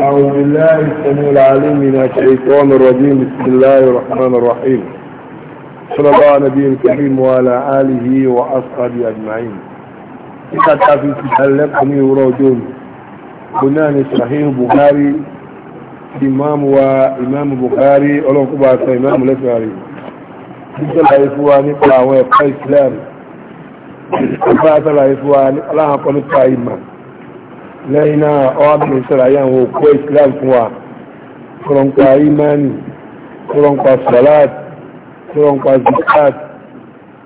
أعوذ بالله السميع العليم من الشيطان الرجيم بسم الله الرحمن الرحيم صلى الله على نبي الكريم وعلى آله وأصحابه أجمعين كتا في تسلقني ورجون بنان صحيح البخاري إمام وإمام البخاري ألو قبعة إمام البخاري بسم الله يسواني قلعوا يبقى إسلام بسم الله يسواني قلعوا يبقى إمام lẹ́yìn náà ọ́bìnrin sọ̀rọ̀ àwọn òkú islam fún wa kúrọ̀ǹpa imani kúrọ̀ǹpa salat kúrọ̀ǹpa zakat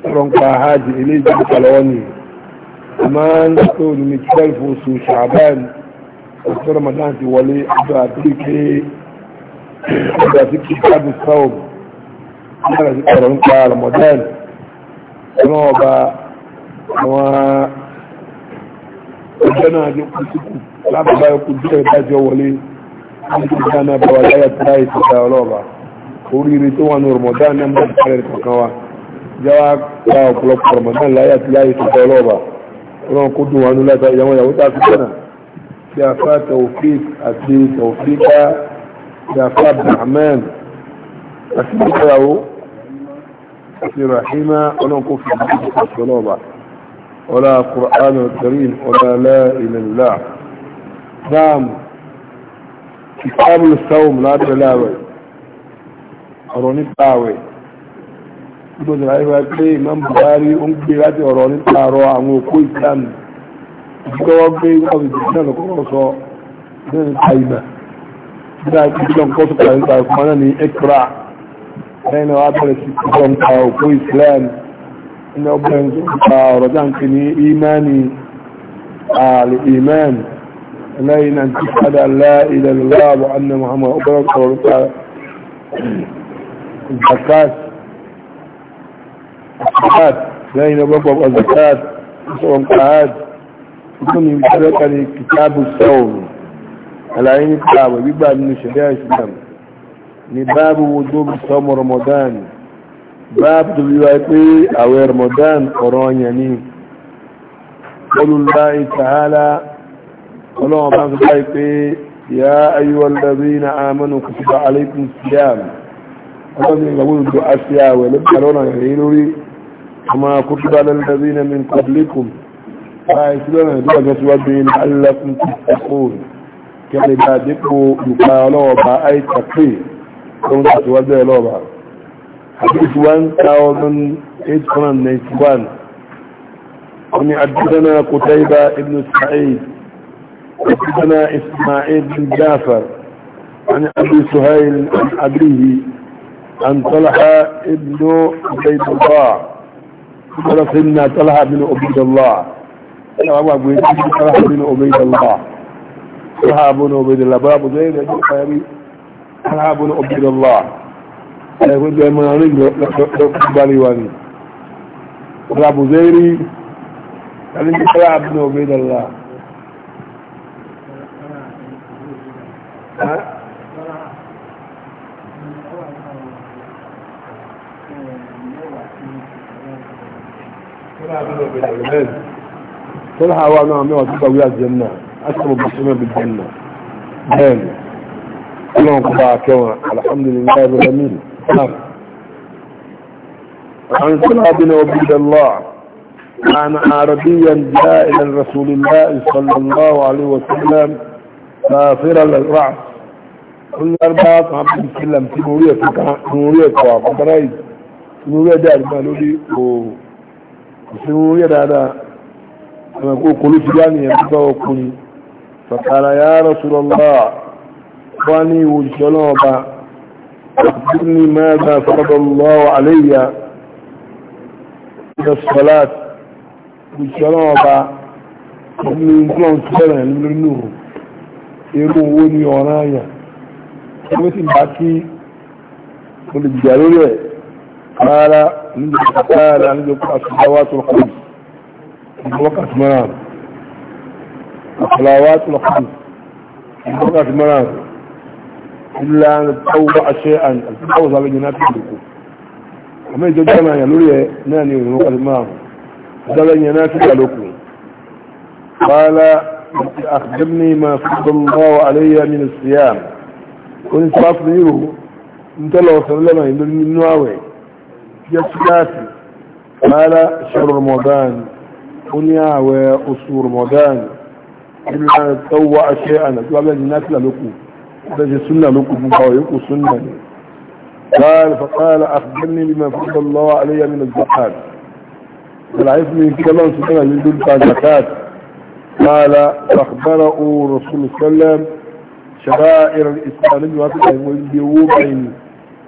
kúrọ̀ǹpa hajj ilé ìjọba kàlọ́wọ́ ni máa ń tó ní twelve oṣù ṣàbán oṣù ramadan ti wọlé ọjọ́ àtìké ọjọ́ àtìké kábù sáwọ̀ nígbà tí kọ̀rọ̀ ń pa ramadan ọmọ ọba àwọn ọjọ́ náà yóò kú síkù lábàbá yóò kú díẹ̀ ìdájọ́ wọlé nígbà tí wọn bá wà láyà tí láyà ti da ọlọ́ọ̀bà oríire tó wà ní rọmọdán náà mọ̀ nípa rẹ̀ kankan wa jáwá gba ọ̀pọ̀lọpọ̀ rọmọdán láyà tí láyà ti da ọlọ́ọ̀bà wọn kó dùn wọn lọ́ta ìyàwó ìyàwó tá a fi sẹ́nà bí afá taofik àti taofika bí afá bahman àti ìyàwó àti rahima ọlọ́nkó fi ìdíje ọlọ́ọ̀bà. ولا قرآن الكريم ولا لا إلى الله نعم كتاب الصوم لا تلاوي أروني تلاوي gbogbo ìrìnàjò ìwà pé Imam Buhari ó ń gbé láti ọ̀rọ̀ nípa àrọ̀ àwọn òkú Islam ìgbọ́wọ́ pé wọ́n ti dìbò náà lọ́kọ́ sọ ní nípa ìgbà nígbà ìgbà nǹkan tó kọ̀ nípa ìfúnmọ́ náà ní ẹ̀kúrà lẹ́yìn náà wá bẹ̀rẹ̀ sí ìgbà òkú Islam ní ọgbẹ́ ọ̀rọ̀ dáǹkì ní ìmáni al-iman lẹ́yìn náà ti padà láìlẹ̀lọ́wọ́ annà muhammad ọgbẹ́rọ̀ kọ̀ọ̀rọ̀ta zakat zakat lẹ́yìn ọgbẹ́gbọ̀gbọ̀ zakat ìṣọ́wọ̀n kàád ìkúnni ìṣẹ́lẹ́kà ní kìtàbù sọ́ọ̀rù àlàyé nípa àwẹ̀ gbígbà nínú ṣẹ̀dá ìṣìlẹ̀ ní báàbù wujub sọ́mọ̀ ramadan báàbù tó bí wáyé pé àwẹ̀ Ramadan ọ̀rọ̀ ọ̀yẹ̀ ni olùláì tààlà ọlọ́wọ́n bá ń sọ báyìí pé ya ayyuhal ladhina amanu kutiba alaykum siyam ọlọ́wọ́n ìgbàgbó ìgbò àti àwẹ̀ lọ́nà ìrìn lórí ọmọ kutiba ladhina min qablikum báyìí sí lọ́nà ìdúgbà حديث 1891 ومن حدثنا قتيبة ابن سعيد حدثنا إسماعيل بن جعفر عن أبي سهيل عن أبيه عن طلحة ابن عبيد الله ورسلنا طلحة بن عبيد الله طلحة بن عبيد الله طلحة بن عبيد الله باب طلحة بن عبيد الله ẹgbẹ́gbẹ́ ẹmọ orí lọ́kùnbalẹ̀ wà ní rabuzeri alìjíkọ́lá abúlé ọgbẹ́dọ̀lá tọ́lá àwọn náà mẹ́wàá tó gbàgbé àjẹ́nà asọ́bọ̀ bùsùnmẹ́ bí jẹ́nà bẹ́ẹ̀ni ọlọ́run kọba akẹwọn alhamdulillah ibrahim نعم عن سلعة بن عبيد الله عن عربيا جاء إلى رسول الله صلى الله عليه وسلم سافرا للرأس كل أربعة صحابة بسلم تنورية تنورية كواب برايد تنورية دار مالولي وتنورية دار أنا أقول كل سجاني يبقى وكل فقال يا رسول الله واني وجلوبا أخبرني ماذا فرض الله علي من الصلاة بالصلاة ومن كلام سنة من النور يرون وني ورايا ومثل باكي والجالولة قال نجد قال نجد الصلوات الخمس وقت منام الصلوات الخمس وقت منام إلا أن تطوع شيئا تطوع بجنات لكم أما إذا جمع يلوري ناني ونوقف معه دل ينات لكم قال أخبرني ما فضل الله علي من الصيام كنت أفضله انت لو سلم يدل من نواوي يسكاتي قال شهر رمضان قنيا وأصول رمضان إلا أن تطوع شيئا تطوع بجنات لكم درجة سنة لكم مقاويكم سنة قال فقال أخبرني بما فضل الله علي من الزكاة فالعثم كلام سنة من دون الزكاة قال فأخبره رسول الله صلى الله عليه وسلم شبائر الإسلام وفقه والبيوبين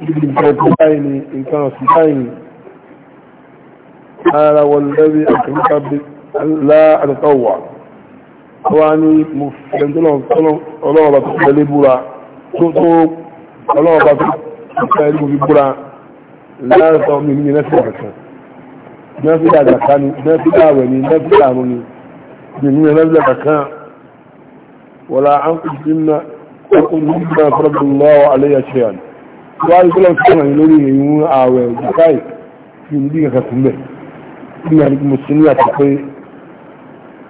ابن كوكوين إن كان سنين قال والذي أكرمك لا أتطوع wá ní mo fẹ́ ọlọ́ọ̀bá tó fẹ́ lé búra tó tó ọlọ́ọ̀bá tó fẹ́ lé mo fi búra láàrín mi ní nẹ́fíà kẹsàn nẹ́fíà àgbàká ni nẹ́fíà àwẹ̀ ni nẹ́fíà àrùn ni mi ní nẹ́fíà kankan wọ́la ánkùnjínà fọ́lọ́lọ́wọ́ aléyà ṣẹ́yàn wá ní kọ́lọ́ tó wọ̀nyí lórí ìrìn àwẹ̀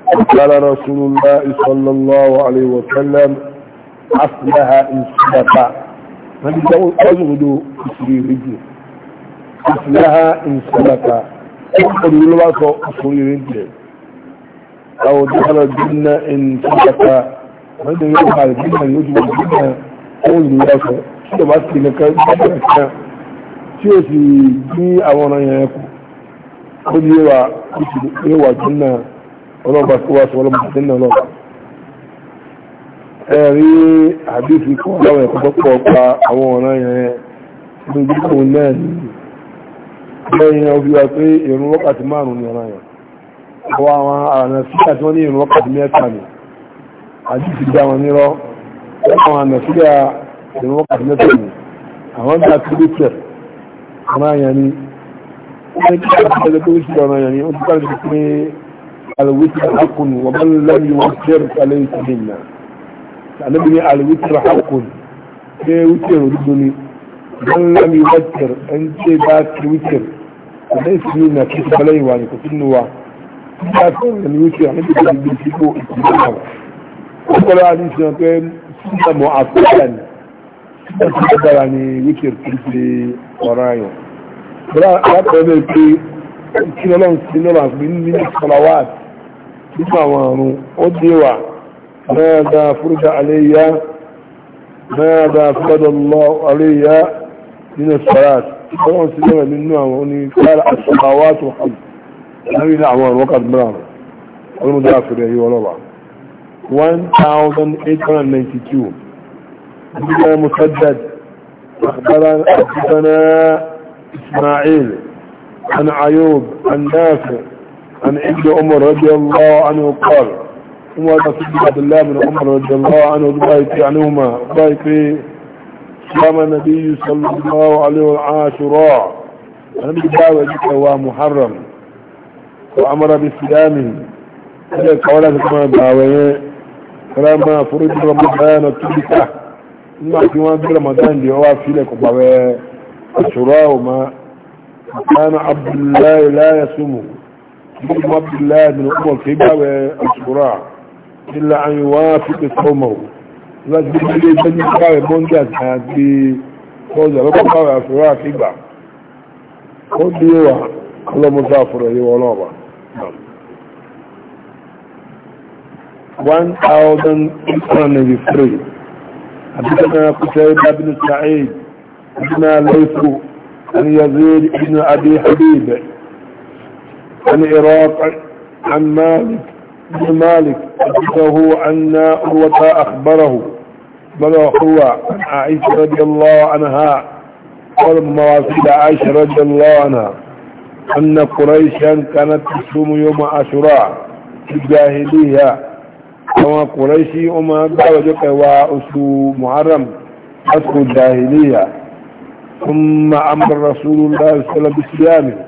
قال رسول الله صلى الله عليه وسلم أصلها إن صدق فلتقول أزغد أسري رجل أصلها إن صدق أقول الله أسري رجل أو دخل الجنة إن صدق من يوقع الجنة يجب الجنة أقول الله كده بس لك الجنة شيء في دي أولا يكون قل يوى الجنة ọlọ́ba tó wá sọ ọlọ́ba tó ń lọ. ẹ rí àdìsí kan láwọn ẹ̀kọ́ tó pọ̀ pa àwọn ọ̀ràn yẹn ní gbogbo náà ní lẹ́yìn ọbí wa pé ìrún wákàtí márùn-ún ní ọ̀ràn yẹn àwọn àwọn àrànà síkà tí wọ́n ní ìrún wákàtí mẹ́ta ni àdìsí dá wọn nírọ́ àwọn àrànà síkà ìrún wákàtí mẹ́ta ni àwọn gbà tó tẹ̀ ọ̀ràn yẹn ni ó ní kí tó ṣe ọ̀ràn yẹn ni ó ti tẹ̀lé الوتر حق ومن لم يوتر فليس منا النبي الوتر حق ايه وتر ودني من لم يوتر انت بات وتر فليس منا كيف بلاي وانك تنوا لكن لم يوتر النبي قال بيجيبوا اتباعه وقال عليه السلام كان سنة معطلة سنة يعني وتر كيف ورايو لا لا تقول لي كي كنا نسينا نسينا نسينا نسينا nípa àwọn àrùn ó déwà náà dá fúrúdà àléyá náà dá fúrúdà lọ àléyá nínú sọ́ràt ọlọ́run sí lọ́rọ̀ nínú àwọn oní kára àṣọ́kàwà tó hàn lárí ní àwọn àrùn wákàtí mìíràn ọlọ́run dá fúrúdà yìí ọlọ́ba 1892 بنا مسدد أخبرنا أخبرنا إسماعيل عن عيوب عن نافع عن ابن عمر رضي الله عنه قال عمر صديق عبد الله بن عمر رضي الله عنه بايت عنهما بايت صام النبي صلى الله عليه وعاشراء النبي دعوة جك ومحرم محرم وأمر بصيامه هذا قولة كما دعوة فلما فرد رمضان تبكى ما كمان في رمضان دي هو في لك عاشراء وما كان عبد الله لا يصومه بن عبد الله من عمر الخبا باب إلا أن يوافق صومه لا تقول لي بني قاوي بونجاز هذه فوزة لكم قاوي الشراع في باب قل لي هو الله مسافر هي ولابا 1893 حدثنا قتيبة بن سعيد حدثنا ليث عن يزيد بن أبي حبيب عن عراق عن مالك بن مالك حدثه أن عروة أخبره بل هو عن عائشة رضي الله عنها قال مواسيد عائشة رضي الله عنها أن قريشا كانت تصوم يوم عاشوراء في الجاهلية كما قريشي أما درجك وأسو محرم أسو الجاهلية ثم أمر رسول الله صلى الله عليه وسلم بصيامه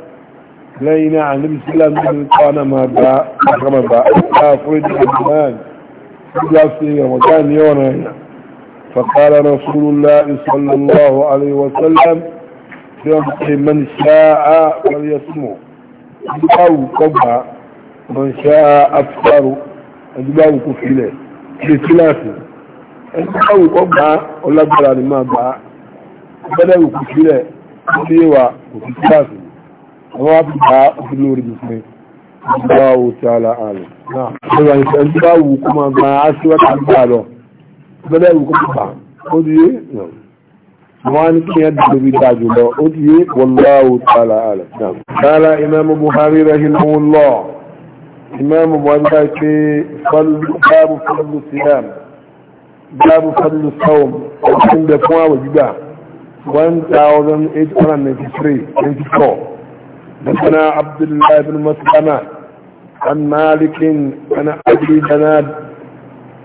lẹ́yìn náà ní bisílám nínú tánà máa bá àkàmà bá àfúrídì ìgbìmọ̀ ìgbà sí ọmọdá ní ọ̀nà ẹ̀yà fàkàrà rasulullah sallallahu alaihi wasallam tí wọ́n ti man ṣáà wọ́n yẹ súnmọ̀ ìgbàwù kọgbà man ṣáà afẹ́rù ìgbàwù kò filẹ̀ lè kíláàsì ìgbàwù kọgbà ọlágbára ni máa bá ìgbàwù kò filẹ̀ ó ní wà kò fi kíláàsì wọ́n wá fi bá òfin lórí mi fún mi bá wò sí ara àlè náà ẹ̀rọ ìfẹ́ ń bá wù kó máa gba aṣíwájú gbà lọ bẹ́ẹ̀ wù kó máa bà ó ti yé wọ́n á ní kí yẹn dùn bí dájú lọ ó ti yé wọ́n bá wò sí ara àlè náà. sára imaamu buhari rahimahullah imaamu buhari bá ṣe báàbù fọlù síyàm báàbù fọlù sọ́wọ́m ọ̀sìn bẹ̀ fún àwọ̀ gbígbà one thousand eight hundred ninety three ninety four. حدثنا عبد الله بن مسلمة عن مالك عن أبي جناد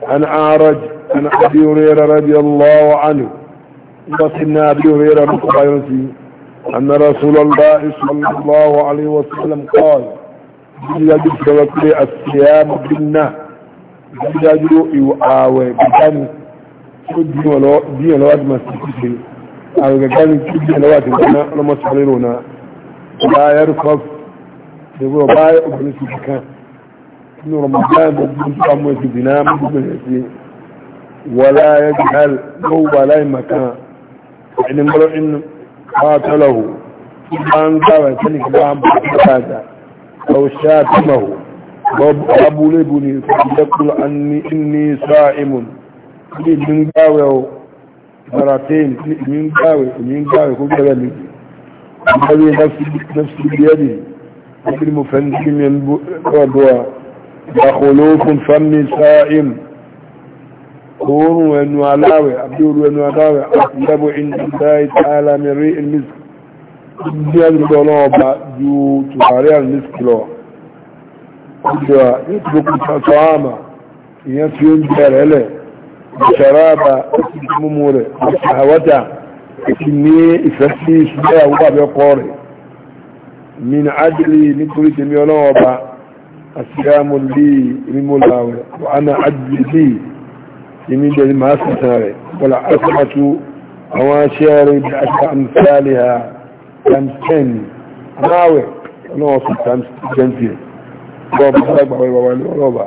عن عارج عن أبي هريرة رضي الله عنه وصلنا أبي هريرة مقبيرتي أن رسول الله صلى الله عليه وسلم قال يجب توكل الصيام بالنا يجب يؤاوي سجن ولو دين الواد ما تكفي أو كان كل الواد ما نمسح لا يركض يقول باي ابن سيكا انه رمضان ابن سيكا في دينام ابن سيكا ولا يجهل هو لا مكان يعني نقول ان قاتله ان قال ذلك بام هذا او شاتمه ابو لبني يقول اني اني صائم من قاوي مرتين من قاوي من قاوي كل ذلك الذي نفسي نفسي بيده وكلم فنجم ينبوى يا خلوف فمي سائم قول وانو علاوي عبدول وانو علاوي أطلب عند الله تعالى من ريء المسك بيان الضلوبة جو تغاري المسك لو قدوا يطلق طعاما ينسيون بيار هلا شرابا ممورة ti ní ìfẹ́ sí ìṣúgbéyàwó àbí ọkọ rẹ̀ min adìlì nítorí tèmi ọlọ́wọ́ ọba àṣìyàmọ̀ lè rímọ́lá rẹ̀ wọ́n adìlì tèmi dẹ̀lì máa sàtàn rẹ̀ wọ́la asìkàtú àwọn aṣẹ́rẹ̀ bí aṣọ àmìsáàlì ha times 10 aláwẹ̀ ọlọ́wọ́ sí times 20 bọ́ọ̀bù sáàgbàwẹ̀ wà wà lọ́wọ́ ọba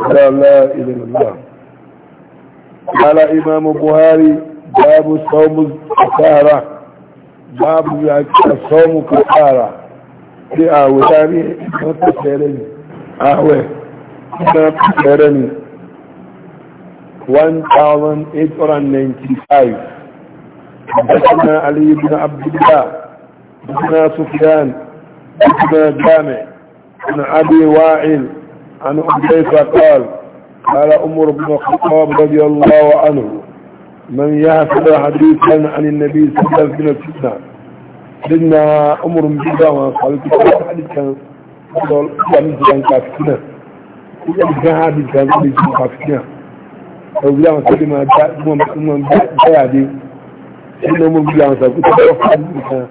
لا لا إله إلا الله قال إمام البخاري باب الصوم كفارة باب الصوم كفارة في أهوتاني وتسيرني أهوه وتسيرني 1895 حدثنا علي بن عبد الله حدثنا سفيان حدثنا جامع بن أبي وائل عن حذيفة قال قال عمر بن الخطاب رضي الله عنه من يحفظ حديثا عن النبي صلى الله عليه وسلم سيدنا عمر بن جوان حديثا قال كان كان كافينا كان حديثا كان كافينا أو بلا ما سيدنا ما جاء ما ما جاء عمر بن جوان قال كنت حديثا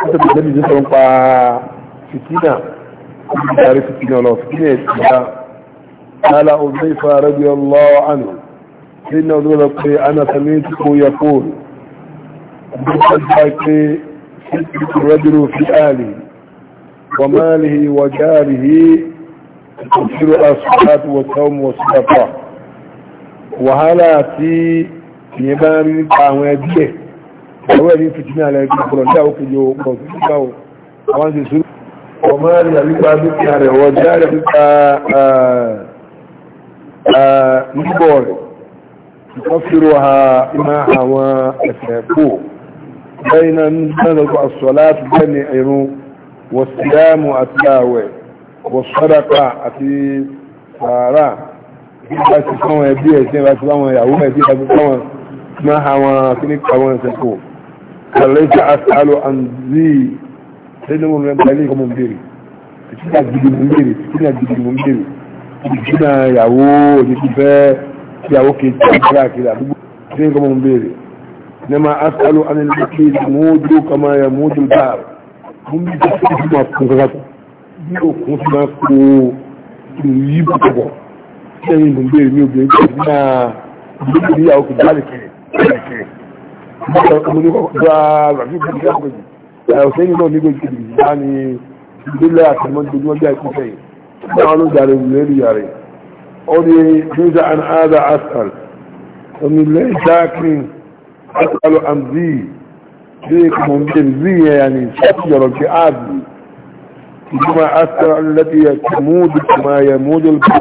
كنت النبي صلى الله عليه tare fitina lọ fitina ìtura e ala uzaifa radiyallahu anhu sai na zuwa pe ana sami ko ya kone dukkan ta ke rajulu fi ali wa malihi wa jarihi تصير الصلاة والصوم والصدقة وهلا في يمان قاموا بيه هو اللي في جنا على القرآن ده وكيو قرآن ده وان máàlì àrípa dúkìá rẹ̀ wọ́n járe nípa nígbọ̀ rẹ̀ wọ́n fírò ha iná àwọn ẹ̀fẹ̀ kò bẹ́yìn náà lọ́gbọ́ àṣọ láti bẹ́ni ẹ̀rùn wọ̀síyàmù àti àwẹ̀ wọ̀sọ́dàkà àti sàárà nígbà tí fún ẹbí ẹ̀sìn láti láwọn ìtura gidi mò ń bèrè ìtura gidi mò ń bèrè ìtura ìyàwó òní ti fẹ́ ìyàwó kejì ìtura kiri àdúgbò ìtura kọ́ mò ń bèrè nema asalu anil bukki mudu kama ya mudu bar mun bi ta fi kuma kun kaka bi o kun ti ma ko yi bu ko bo sẹ́yìn mò ń bèrè mi ò bèrè kí ìtura ìdílé ìyàwó kejì wà lè kiri mo ní kọ́ gba rafi bí ìyàwó kejì ọ̀sẹ̀ yìí náà ní kejì ìyá ni ìdílé àtàmọ́dójú ọjọ́ ikú fẹ́yìn náà ló dàrí lérí yàrí ó ní jújà an áza asal omi lẹ́yìn jákín asal amzi bí i kùmọ̀ bí i zi yẹn yà ní sọ́tù yọ̀rọ̀ bí áàbì ìjọba asal alẹ́bí yẹ kùmúdù kùmá yẹ múdù lùkà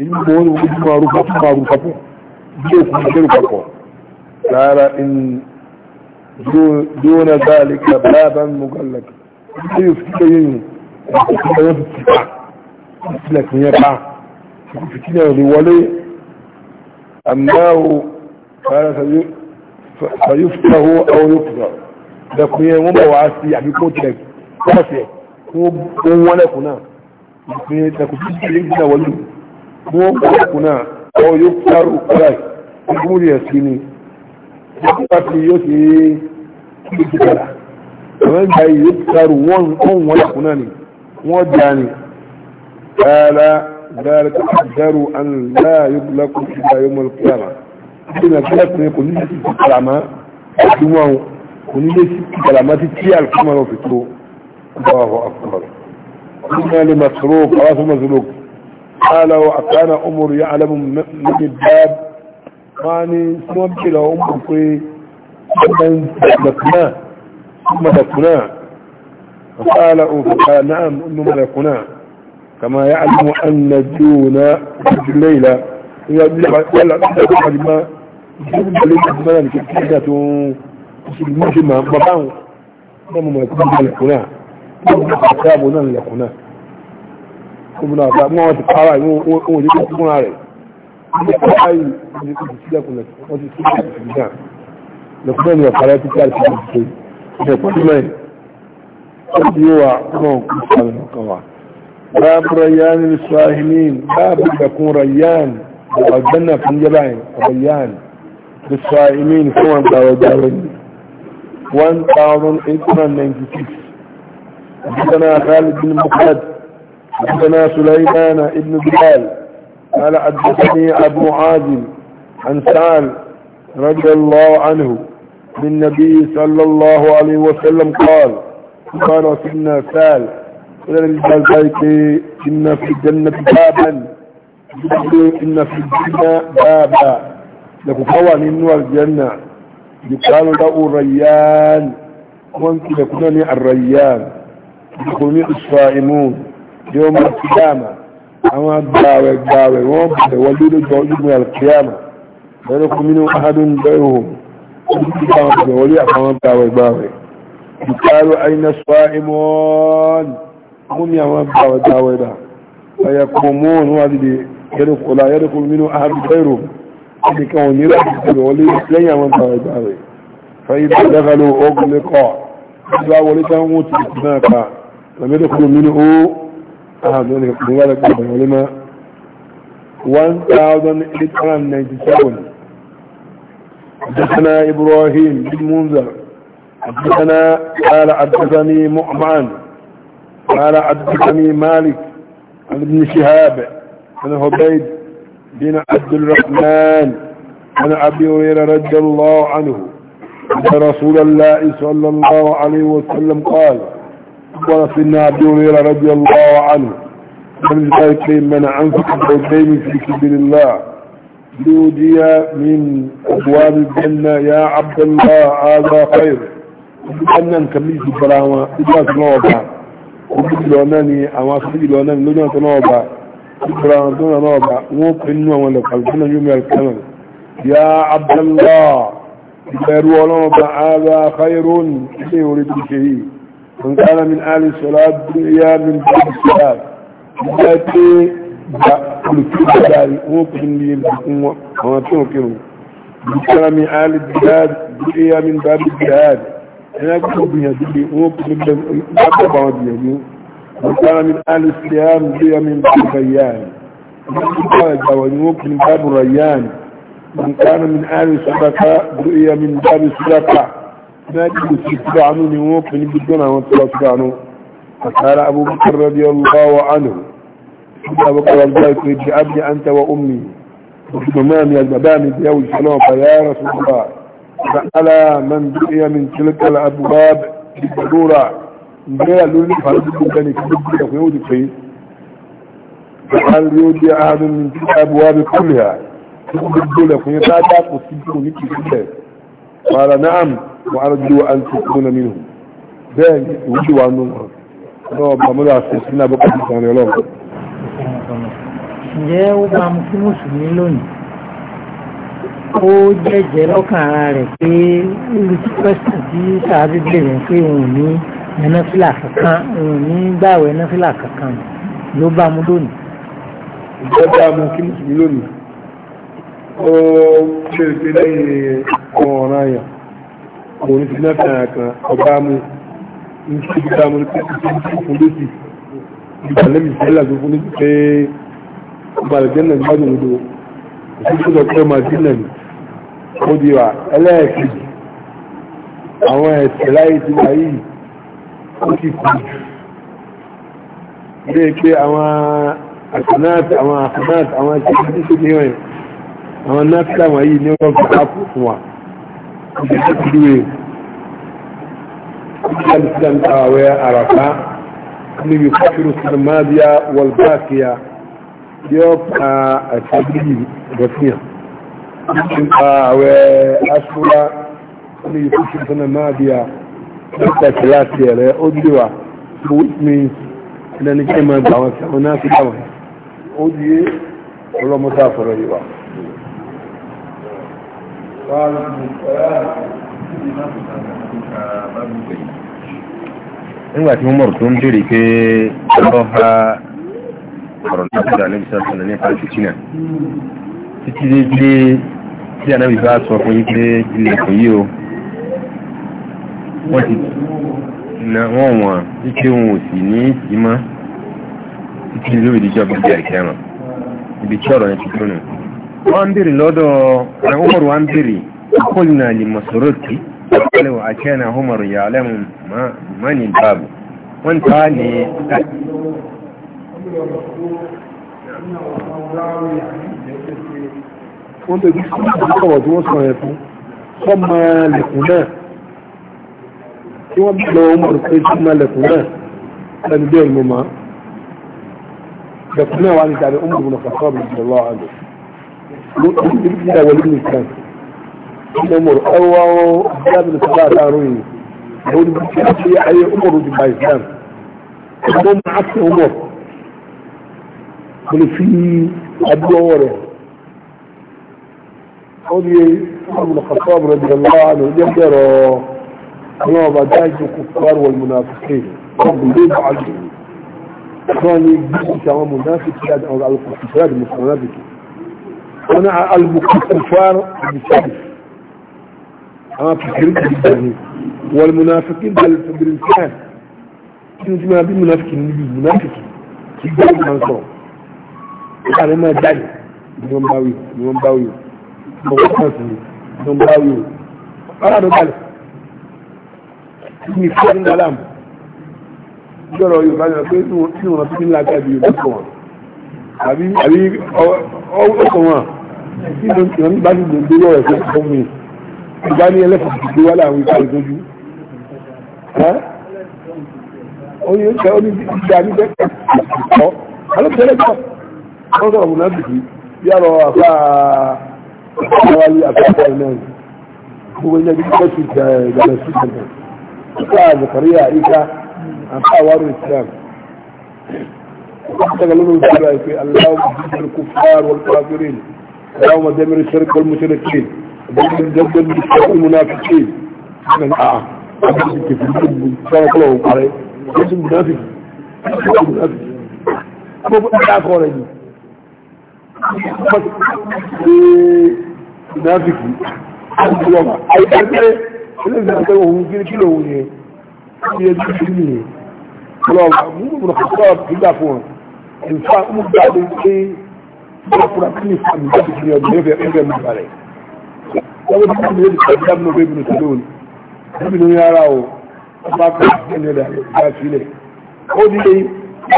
ìlú mọ́wọ́n mú jùmọ̀ rúfà fún ma rúfà fún bí i kùmọ̀ bí i rúfà fún lára in دون ذلك بابا مغلق ilé òfìlẹ̀ yẹn ìfìlẹ̀ yẹn ti pa ìfìlẹ̀ kì yẹn pa ìfìlẹ̀ ò lè wọlé àmọ́ fara sayu fitahu auyo kusa da kun yẹn wọ́n bọ̀ wá sí àbíkó tẹ̀ kọ́ọ̀sẹ̀ kó wọ́n lẹ́kùn náà ìpín ẹ̀kùn tí ìpín ìgbìnà wọlé kó wọ́n lẹ́kùn náà auyo kusa rò kọ́ra ìgbìmọ̀ rẹ̀ sí ni wọ́n ti yóò ṣe é kí ló ti kọ́ra wọ́n gba iye kẹrù wọ́n wọ́n wọ́n yàkú náà ni wọ́n jà ní kààlà dára tó dárò an láàyò lọ́kùn sí ayé mọ́ kíyàmà tí na kíyà tó yẹ kò ní lè sí kàlàmà àti wọn kò ní lè sí kàlàmà tí tí àlùkùnmọ́ lọ fi tó báwọ̀ àkùnmọ́ قلنا لمسروق خلاص مسروق قال وكان عمر يعلم من الباب قال سمعت له عمر في بكناه ثم ذكنا فقال فقال نعم ثم ذكنا كما يعلم أن الدون في الليلة يجب بالمال كتابة المجمع مبعو لما ما يكون لكنا كتابنا لكنا كنا ما تقرأ مو يكون عليه أي يكون لكنا لكنا يقرأ تكالك باب ريان للساهمين باب يكون ريان وقدنا في الجبعين ريان للساهمين كما دعوا دعوني 1896 حدثنا خالد بن مخلد حدثنا سليمان ابن بلال قال حدثني ابو عازم عن سال رضي الله عنه للنبي صلى الله عليه وسلم قال قال وسلنا سال قال للبالبيك إن في الجنة بابا إن في الجنة بابا لكفوا من نور الجنة يقال له ريان وانت يكونني الريان يقولني الصائمون يوم القيامة أما الدعوة الدعوة وانت وليد الدعوة من القيامة ولكم يكون منهم أحد غيرهم ولي أخوان تاوي باوي يقال أين الصائمون هم يا باوي تاوي دا فيقومون هذه يدخل لا يدخل منه أحد غيرهم اللي كانوا يرحبوا ولي لن يا باوي باوي فإذا دخلوا أغلقا إذا ولدهم وتسناك لم يدخلوا منه أحد ذلك لذلك ولما 1897 حدثنا إبراهيم بن منذر حدثنا قال حدثني مؤمن قال حدثني مالك عن ابن شهاب عن عبيد بن عبد الرحمن عن أبي هريرة رضي الله عنه أن رسول الله صلى الله عليه وسلم قال قال سيدنا أبي هريرة رضي الله عنه من ذلك من أنفق الحدين في سبيل الله نودي من أبواب الجنة يا عبد الله هذا خير أنا نكمل في البراوة إلا تنوبة وقلت لوناني أما أخذي لوناني لوناني تنوبة البراوة تنوبة وقلنا ولك الجنة يوم الكمل يا عبد الله خير ولوبة هذا خير إلي يريد شيء من كان من آل الصلاة دنيا من بعد الصلاة da kulki da dari ofin biyu da kuma kuma tun kiro bikarami ali jihad duniya min babu jihad ina kuma biya dubi ofin da babu ba wani yanzu bikarami ali siyam duniya min babu bayani kuma da wani ofin babu rayani من كان من آل سبكة رؤية من باب سبكة ناجد سبكة عنه نموك من بدنا وانتلا سبكة عنه فقال أبو بكر رضي الله عنه إلا وقال ذلك بأبني أنت وأمي ومامي المبامي بيوي سلام فيا رسول الله فألا من دعي من تلك الأبواب بالضرورة غير لولي فرد بني كبير ويودي فيه فهل يودي أحد من تلك الأبواب كلها لك بالدولة فيتعدى وسيبوني كبير قال نعم وأرجو أن تكون منهم ذلك وجوا عنهم الله بمدى السنة بقى في سنة الله ǹjẹ́ ó bá mu kí mùsùlùmí lónìí ó jẹ́jẹ́ lọ́kàn ara rẹ̀ pé olùtí pẹ́sìtì tí sàábí bèrè pé òun ò ní ẹnáfìlà kankan òun ò ní gbàwẹ̀ ẹnáfìlà kankan ló bá mu lónìí. ǹjẹ́ bá mu kí mùsùlùmí lónìí ó ṣe pé lẹ́yìn ọ̀ràn àyà òun ti náà fẹ́ àkàn ọba mu ní ṣe ìgbà mu ní pé kí n fún lóṣì ìgbà lẹ́mìí sílẹ̀ àgbẹ̀fún ní pé ọba àlùjẹ́nà ní bájú lódò òṣìṣẹ́ lọ pé ọmọ àjínà ní ó di wa ẹlẹ́ẹ̀kejì àwọn ẹ̀sẹ̀ láyé ti wà yìí ó sì kú jù bí i pé àwọn àkànáàtì àwọn àkànáàtì àwọn ẹ̀sẹ̀ tí ṣe ní ọ̀yàn àwọn náfíà wọ̀nyí ní wọ́n fi ápù fún wa ìṣẹ́ ti dúró yìí ìṣẹ́ àlùsílẹ̀ àwẹ̀ àràká níbi kọ́fìrù sinimá bíyà wọlbáàkìyà yóò pa àtàgbìlì gẹ̀fìyàn nípa àwẹ̀ asúra ní ìfúnṣe tó náà máa bí a nípa kìláàsì ẹ̀rẹ́ ó dì wá which means ẹni kí máa gbà wọn sẹ́wọ̀n náà sí àwọn ó di ọlọ́mọta àfọ̀rọ̀ yìí wá. nígbà tí mo mọ̀rọ̀ tó ń béèrè pé ọlọ́ha ọ̀rọ̀ náà tó dà níbi sọ́sọ́ nípa fìtínà títí dé pé tí ànábì bá sọ fún yín pé o wọ́n ti na wọ́n wọ̀n títí wọn ò sì ní ìmọ̀ títí lórí ìdíjọ́ bí i àìkẹ́rùn ibi tí ọ̀rọ̀ yẹn ti dúnù wọ́n ń bèrè lọ́dọ̀ àwọn ọmọ wa ń bèrè akọ́lùnà lè mọ̀sọ̀rọ̀ kí akọ́lùwà àkẹ́nà homer yà lẹ́mù mọ́ni báàbù wọ́n ta ni wọ́n tẹ̀lé kí wọ́n sọ̀rọ̀ tí wọ́n sọ̀rọ̀ ẹ̀fún sọ́mọ lẹ̀kùn náà tí wọ́n bí lọ́wọ́ mọ̀ pé sọ́mọ lẹ̀kùn náà ẹni bẹ́ẹ̀ ló máa lẹ̀kùn náà wà ní ìdájọ́ ọmọ ìbùnà kàkọ́ bí ìjọba àgbẹ̀ ló ti di bí ìyàwó ní nìkan ilẹ̀ mọ̀rọ̀ ẹwà ó dábìlì sọ́lá àtàrò yìí ló ní bí ayé ọmọ ìbùnà kàkọ́ bí ìjọba àgbẹ̀ kò lè fi adúlọ́wọ́ rẹ̀ ó ní ọmọdé kàtọ́ ọmọdé bí ọlọ́wọ́ àná ó bẹ̀rọ àwọn ọba dájú kò kọ́rọ̀ wọ̀lú mọ̀nàfíkì ọgbọ̀n ló bá àjò wọ́n ní gbígbìtì àwọn mọ̀nàfíkì àti àwọn alùpùpù fẹ́rẹ́ àti mọ̀nàfíkì wọ́n ní alùpùpù fẹ́rẹ́ àti sẹ́yìn àwọn fìkìrì kìrìkìrì wọ́n mọ̀nàfíkì bẹ̀rẹ̀ fìkìrì kìrìkìrì kí ni tí wọ́n bí mọ̀nàfíkì níbi mọ̀nàfíkì kì í gbọ́ láàrin máa jáde ni wọ́n bá wí ni wọ́n bá wí o mo kọ́ sí ni wọ́n bá wí o ọ̀rọ̀ àdó balẹ̀ ní fún ọdún aláàmù lọ́rọ̀ Yorùbá yọ pé tí wọ́n fi ń la káàdì Yorùbá kọ̀ wọ́n àbí ọkọ̀ wọn tí wọ́n ti wọ́n bá ti gbòǹdé lọ́rọ̀ ẹ̀kọ́ fún mi ìgbà ní ẹlẹ́fọ̀ọ́ ti gbé wá láàrin ìgbà ìtọ́jú ó ní ìgbà ní bẹ́ẹ̀ kọ́ alóbìnrin kọ́ wọ́n sọ̀rọ̀ mùnàbìkì bí a lọ àfá àwárí àfáàfá ìlẹ́yìn gbogbo ilẹ̀ bíi bẹ́ẹ̀ ti gbẹ̀rẹ̀ sí ìgbẹ̀rẹ̀ ìfá àzàkàríyà ìka àfá àwárí islam daga lórí ìjọba ìpè aláwọ̀ jíjìn kò fáàrù alfafirin aláwọ̀ mọ̀dẹ́mìrì sẹ́rẹ̀kọ́ mùsùlùmí ìgbẹ̀rẹ̀ dẹ́gbẹ̀rẹ̀ mùsùlùmí mùnàfìkì ìgbẹ̀rẹ̀ àà àbúrò kẹfì sọ̀rọ̀ kọlọ̀ òkàrẹ̀ ìnáfíkì àdúgbòlọ́mà àìdájẹ́ ẹlẹ́gbẹ̀rẹ̀ ohun kíríkí lòun yẹ kí ẹ bí sí nìyẹn lọ́wọ́ múlùmùlù kọ̀ọ̀kọ́ gbígbà fún wọn ìfà mú gbàdé pé ọkùnrin kí ní fàmì jáde kiri ọdún ẹgbẹ́ ẹgbẹ́ mú balẹ̀ lọ́wọ́ bí wọ́n ti sọ̀rọ̀ dábìnú ọgbẹ́ ìbìnú sọ̀rọ̀ òní níbi ní ara o ọba kọ́ ẹni ẹ̀dá ìgbà sílẹ̀ ó ní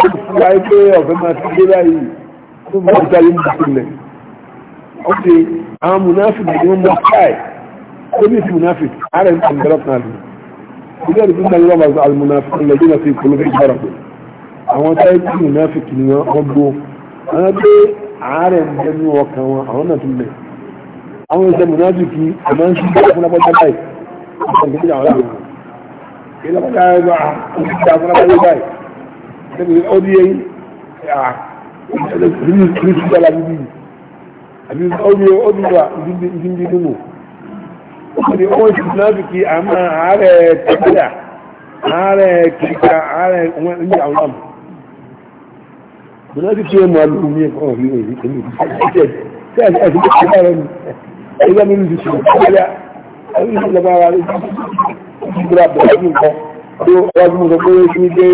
ọdún fún wa pé ọ̀fẹ́ máa ti gbé báyìí wọ́n ti dáyé mú sílẹ̀ ó ti àwọn munafik ni wọ́n mú káì ó ní ti munafik ara ń tàn dọ́rọ̀ náà lù ilé ẹ̀rí fún dáyé wọ́n al munafik ń lẹ́jọ́ náà sí ìpolú fún ìjọra pé àwọn táyé tí munafik ni wọ́n gbó àwọn pé ààrẹ ń bẹ ní ọkàn wọn àwọn náà tún bẹ̀ àwọn ìṣẹ́ munafik ni àmọ́ ń ṣe fún abọ́já báyìí àtàkùn àwọn àwọn ìlànà ìgbà àti ìgbà àfúnabáyé báyìí ìdílé ìdílé ti dára níbí àbí ọdún ọdún wa ìdílé nínú ọdún ọwọ́ ìṣúná fi kí àmà ààrẹ tẹ́kíyà ààrẹ kíkà ààrẹ ọmọ ní àwọn àmì bùnà kíkì ọmọ alùpùpù ní ẹ̀kọ́ ọ̀rí òní pẹ̀lú ìṣẹ́jẹ̀ ẹ̀sìn tó kọjá rẹ̀ ní ẹgbẹ́ mi ní ṣe kọjá ẹ̀rí ìṣẹ̀lẹ̀ bá wà ní ìṣẹ̀lẹ̀ bẹ̀rẹ̀ ní nǹkan tó ọwọ́ bí mo sọ pé kí ní pé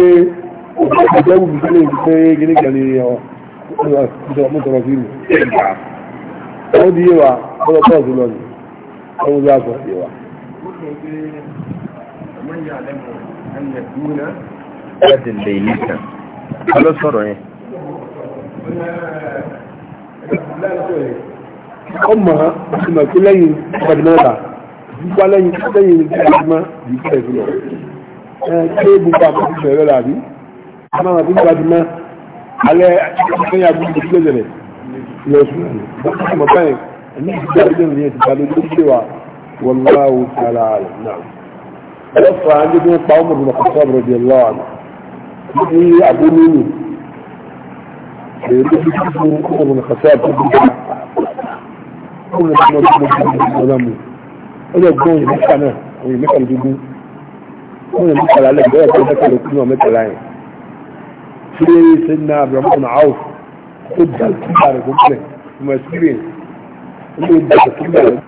òṣèlú ìjẹ́wù mi sílẹ̀ ìgbẹ́ gẹ́gẹ́ mọ́tọ̀rọ̀ sí ìlú ó di yíwa ọlọ́ pọ́ọ̀sù lọ ní ọmọ ìlú àgbọ̀ yíwa láti lè yí kan ló sọ̀rọ̀ yẹn ọmọ ìmọ̀ pé lẹ́yìn ìpàdínmọ́ta gbígbá lẹ́yìn lẹ́yìn ìpàdínmọ́ yìí pẹ̀lú ẹ̀ tí ó gbogbo àpapọ̀ ìṣẹ̀rẹ̀ alẹ́ ẹ̀yà gbogbo ìdílé rẹ̀ lọ sùn ní ọmọ báyìí ní ìdílé àdúgbò ní ẹ̀sìn balẹ̀ tó ṣe wa wọn láwù sára rẹ̀ náà. ẹ̀rọ fà á ní bí wọ́n pa ọmọ ìbùnà kọ́kọ́ ọ̀rọ̀ di ẹ̀lọ́ àná níbi àbúrò nù èyí bí kí fún ọmọ ìbùnà kọ́kọ́ ọ̀rọ̀ di ẹ̀lọ́ ọmọ ìbùnà kọ́kọ́ ọ̀rọ̀ di ẹ̀lọ́ mu ọjọ́ gbọ́n ìmẹ́ta náà ìmẹ́ta lójúgbó ọmọ ìmẹ́ta lálẹ́ ìgbẹ́ في سيدنا عبد الرحمن عوف خد الكبار كله مسيرين اللي ده الكبار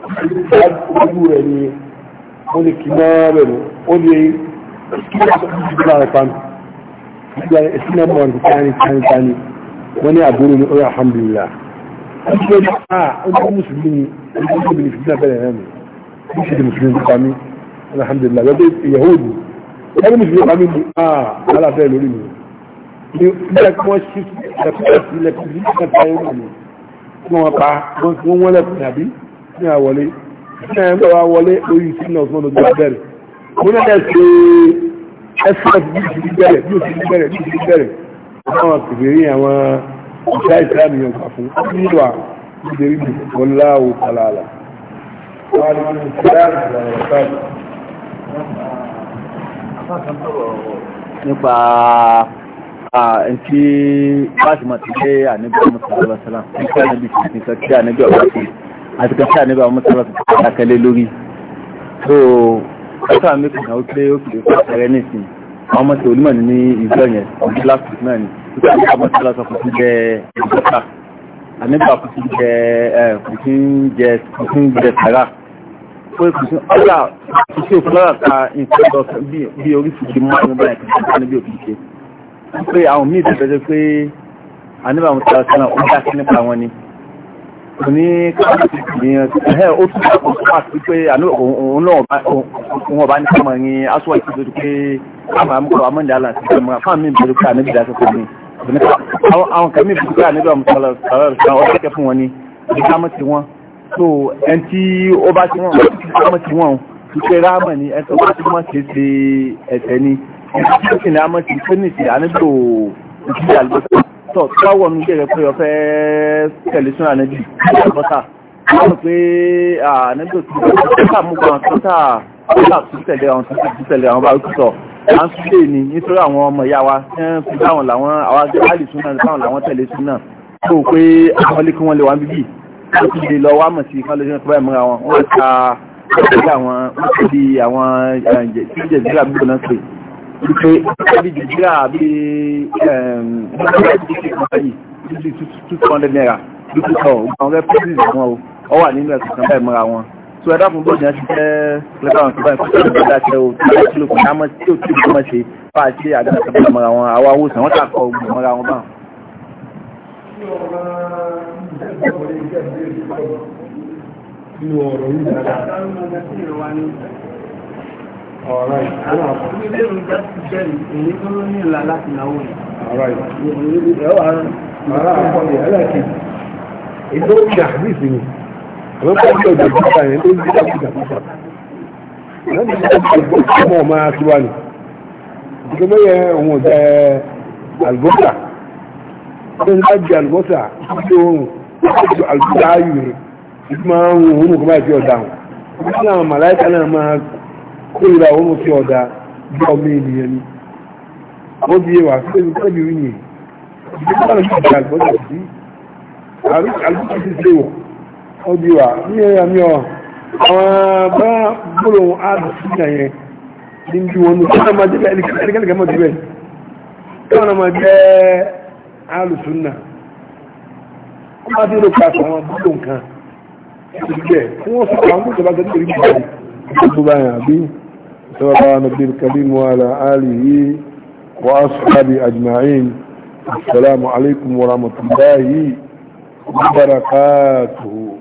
قد يقول يعني قولي كمال قولي كبار كان اسمنا مون ثاني ثاني ثاني وانا اقول الحمد لله أقول آه أنت مسلمين أنت مسلمين في الدنيا بلا هم مش المسلمين الحمد لله nígbà tí wọ́n ṣí ẹ̀fẹ́ẹ̀sì ilẹ̀kùn sí ìkẹta ìwọ̀n ni tí wọ́n pa wọ́n wọ́n lẹ́kùn àbí ní àwọlé ní ẹ̀ńgbà wa wọlé lórí ìsinmi ọ̀sán lójú abẹ́rẹ̀ wọ́n náà ṣe ẹ̀fẹ́ẹ̀sì bí òsì bẹ̀rẹ̀ bí òsì bẹ̀rẹ̀ bí òsì bẹ̀rẹ̀ àwọn kìbìrì àwọn ìṣá ìsìlámù yẹn gbà fún nílò à nítorí bí wọ́n nti baasi ma ti ṣe anabi ọmọ sọlá sọlá nti anabi ti ti kàkiri anabi ọmọ sọlá àti kàkiri anabi ọmọ sọlá sọlá kàkẹlẹ lórí so ọsàn mi kàn ó pé ó kìlè fún ẹrẹ nìsín àwọn ọmọ tí olúmọ ní ìjọ yẹn ọdún láti náà ni nípa anabi ọmọ sọlá sọ fún jẹ ìjọba anabi ọmọ fún jẹ ẹ kùsùn jẹ kùsùn jẹ sàrà fún kùsùn ọlà kùsùn fúlọ́rà ka nǹkan lọ bí oríṣiríṣi márùn-ún báyìí kìí ṣe níbi òkìṣe pé àwọn míì tẹ̀lé pé àníbà mú tàbí sẹ́nà ó dá sí nípa wọn ni kò ní káàkiri ẹ̀ ó tún kò pàt pé òun náà ọba ní kàmọ̀ ní aṣọ àti ìṣòro pé àmà àmúkọ̀ àmọ́ndé àlà sí ìṣòro fáwọn míì bẹ̀rẹ̀ pé àníbì dá sọ́kọ̀ ni àwọn kẹ̀mí bẹ̀rẹ̀ pé àníbà mú tàbí sẹ́nà ó dá fún wọn ni ìkámọ́ ti wọn so ẹn tí ó bá ti wọn ìkámọ́ ti wọn ìṣẹ́ rámọ̀ ni ẹ̀ tó bá ti wọn ṣe ṣe ẹ̀ṣẹ̀ ni ìdíkì ni a mọ̀ sí tẹ́nìtì àníbò ìdílé àlùbọ́sà tọ̀ tó wá wọ̀nú jẹ́ rẹ̀ pé ọ̀fẹ́ tẹ̀lé sún àníbì àlùbọ́sà wọ́n pé àníbò tí wọ́n kà mú kan tọ́tà tọ́tà tún tẹ̀lé àwọn tún tẹ̀lé àwọn bárúkú sọ à ń súlé ni nítorí àwọn ọmọ ìyá wa tí wọ́n fi báwọn làwọn àwọn àlì sún náà báwọn làwọn tẹ̀lé sún náà tó pé àwọn lé kí wọ́n lè wá bíbí wọ́n ti lè lọ wá mọ̀ sí kán lójú náà tó báyìí mọ́ra wọn wọ́n ta wọ́n ti àwọn wọ́n ti di àwọn jẹ̀jẹ̀rẹ̀ àbúrò náà pè wípé ẹbí jìjìrà àbí two hundred naira lókè sọ àwọn ọ̀rẹ́ pẹ́sìlì wọn ó wà nínú ẹ̀sùn kan báyìí mọ́ra wọn so ẹ̀dá fún bóòdì náà ti fẹ́ lẹ́gbàá wọn kọ́bá ìfọ́sọ́ ìgbà dáṣẹ́ o tí wọ́n ti lò fún àmọ́ tí ò tí ò mọ̀ ṣe bá a ṣe àdáṣe kan báyìí mọ́ra wọn àwọn awòsàn wọ́n kà kọ́ ọgbọ̀n mọ́ra wọn báwọn. nínú ọ̀rọ̀ yìí dáadáa Alright. Ìjọ ìjàmí ìsinmi, ọ̀pọ̀ ọjọ́ ìjọba ìjọba yẹn tó ń gbé ìjọba ìjọba ìjọba. Lẹ́nu ìjọba ìjọba ọmọ ọmọ akíwá ni. Ìjọba yẹn òun ò jẹ àlùbọ́sà. Ṣé ń bá jẹ àlùbọ́sà tó oorun? Àlùbọ́sà ayù rẹ̀. Ìjọba ń rún òun kò bá ìfi ọ̀daràn. Ìjọba náà màláìka náà máa kóra òun fi ọ̀dà bí ọmọ ènìyàn ni wọ́n bí wà sẹ́yìn tẹ́lẹ̀ rí yìí ìgbésẹ̀ náà yóò di àgbọ̀dọ̀ sí àlùkò ti ṣe wọ̀ ó bí wà ní ẹ̀yà mi ọ̀ àwọn bá gbọ́dọ̀ àdùn sí ìyà yẹn ní bí wọn ní kí wọ́n máa débẹ̀ ẹnikẹ́ni kẹ́mọ̀ débẹ̀ kí wọ́n máa jẹ́ alùsùn náà kí wọ́n ti lè pa àwọn gbọ́dọ̀ nǹkan ìgbẹ́ kí wọ́n sọ àwọn gbọ́dọ̀ bá gbọ́dọ̀ rí gbọ́dọ̀ gbogbo báyà bí صلى نبي الكريم وعلى آله وأصحابه أجمعين السلام عليكم ورحمة الله وبركاته